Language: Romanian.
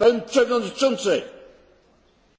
pani Przewodniczący!